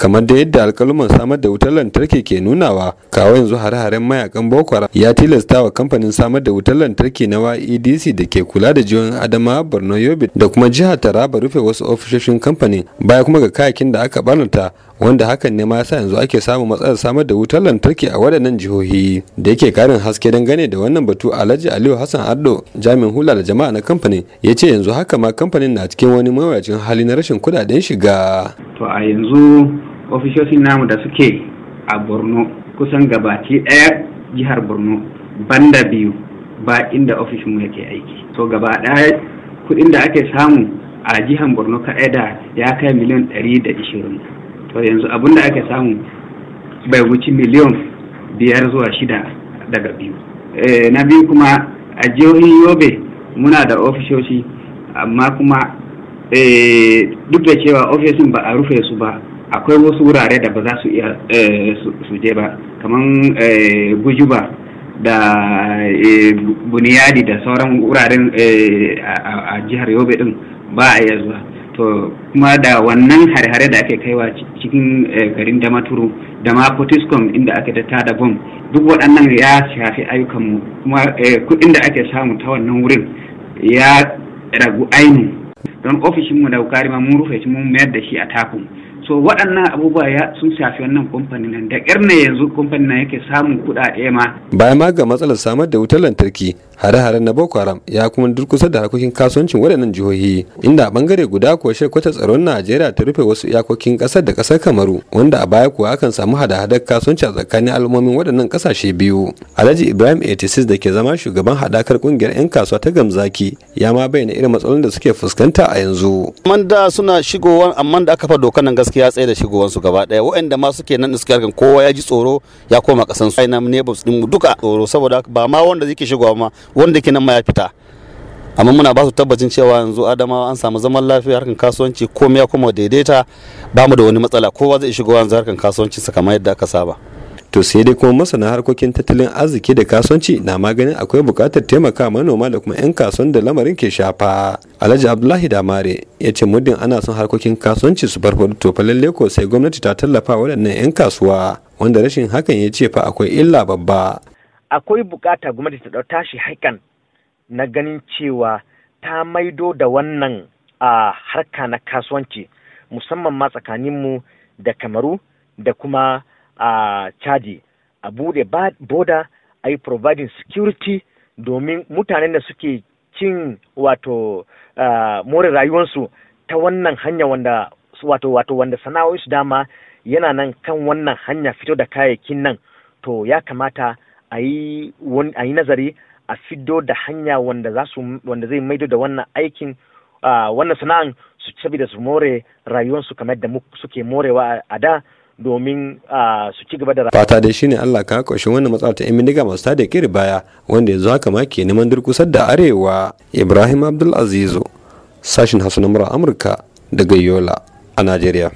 kamar da yadda alkaluman samar da wutar lantarki ke nunawa kawo yanzu hare-haren mayakan boko ya tilasta wa kamfanin samar da wutar lantarki na WAEDC da ke kula da jihohin adama borno yobe da kuma jihar taraba rufe wasu ofisoshin kamfanin baya kuma ga kayakin da aka barnata wanda hakan ne ma yasa yanzu ake samun matsalar samar da wutar lantarki a waɗannan jihohi da yake karin haske gane da wannan batu alhaji aliyu hassan addo jami'in hula da jama'a na kamfanin ya ce yanzu haka ma kamfanin na cikin wani mawuyacin hali na rashin kuɗaɗen shiga to a yanzu ofishoshin namu da suke a borno kusan gabaki ɗaya jihar borno banda biyu ba inda ofishinmu yake aiki to gaba ɗaya kuɗin da ake samu a jihar borno kaɗai da ya kai miliyan ɗari da ishirin to yanzu abin da ake samu bai wuce miliyan biyar zuwa shida daga biyu eh, na biyu kuma a jihohin yobe muna da ofishoshi amma kuma eh, duk da cewa ofishin ba a rufe su ba akwai wasu wurare da ba za su iya eh, suje ba kamar gujuba eh, da eh, buniyadi da sauran wuraren a jihar yobe din ba a iya zuwa to kuma da wannan hare-hare da ake kaiwa cikin garin damaturu da ma potiskom inda ake ta tada bom duk waɗannan ya shafi ayyukanmu kuma kuɗin da ake samu ta wannan wurin ya ragu ainihin don ofishinmu da wukari ma mun rufe shi mun mayar da shi a takun so waɗannan abubuwa ya sun shafi wannan kamfanin nan da ne yanzu kamfanin nan yake samun kuɗaɗe ma bayan ma ga matsalar samar da wutar lantarki hare hare na boko haram ya kuma durkusa da harkokin kasuwancin waɗannan jihohi inda a bangare guda kuwa shekwata tsaron najeriya ta rufe wasu iyakokin ƙasar da ƙasar kamaru wanda a baya kuwa akan samu hada-hadar kasuwanci a tsakanin al'ummomin waɗannan ƙasashe biyu alhaji ibrahim 86 da ke zama shugaban haɗakar ƙungiyar 'yan kasuwa ta gamzaki ya ma bayyana irin matsalolin da suke fuskanta a yanzu. da suna shigowa amma da aka fa dokan nan gaskiya ya tsaye da shigowansu gaba daya waɗanda ma suke nan da suke harkan kowa ya ji tsoro ya koma kasan su ina ne din mu duka tsoro saboda ba ma wanda ke shigowa ma wanda ke nan ma ya fita amma muna ba su tabbacin cewa yanzu adamawa an samu zaman lafiya harkan kasuwanci komai ya kuma daidaita ba mu da wani matsala kowa zai shigowa yanzu harkan kasuwanci sa kamar yadda aka saba to sai dai kuma masana harkokin tattalin arziki da kasuwanci na maganin akwai buƙatar taimaka manoma da kuma 'yan kasuwan da lamarin ke shafa alhaji abdullahi damare ya ce muddin ana son harkokin kasuwanci su farfaɗo to fa lalle ko sai gwamnati ta tallafa waɗannan 'yan kasuwa wanda rashin hakan ya ce fa akwai illa babba akwai bukata gwamnati ta ɗauta shi haikan na ganin cewa ta maido da wannan a harka na kasuwanci musamman ma tsakaninmu da kamaru da kuma a chadi a bude boda a yi providing security domin mutanen da suke cin wato more rayuwarsu ta wannan hanya wanda wato wato wanda sana'o'insu dama yana nan kan wannan hanya fito da kayayyakin nan to ya kamata a yi nazari a fido da hanya wanda za su wanda zai maido da wannan aikin wannan sana'an su da su more rayuwarsu kamar da suke morewa a da domin su ci gaba da rayuwa. Fata dai shine Allah ka kwashe wannan matsala ta 'yan bindiga masu tada kiri baya wanda yanzu haka ma ke neman durkusar da arewa. Ibrahim Abdul Azizu sashin Hassan Amurka daga Yola a Najeriya.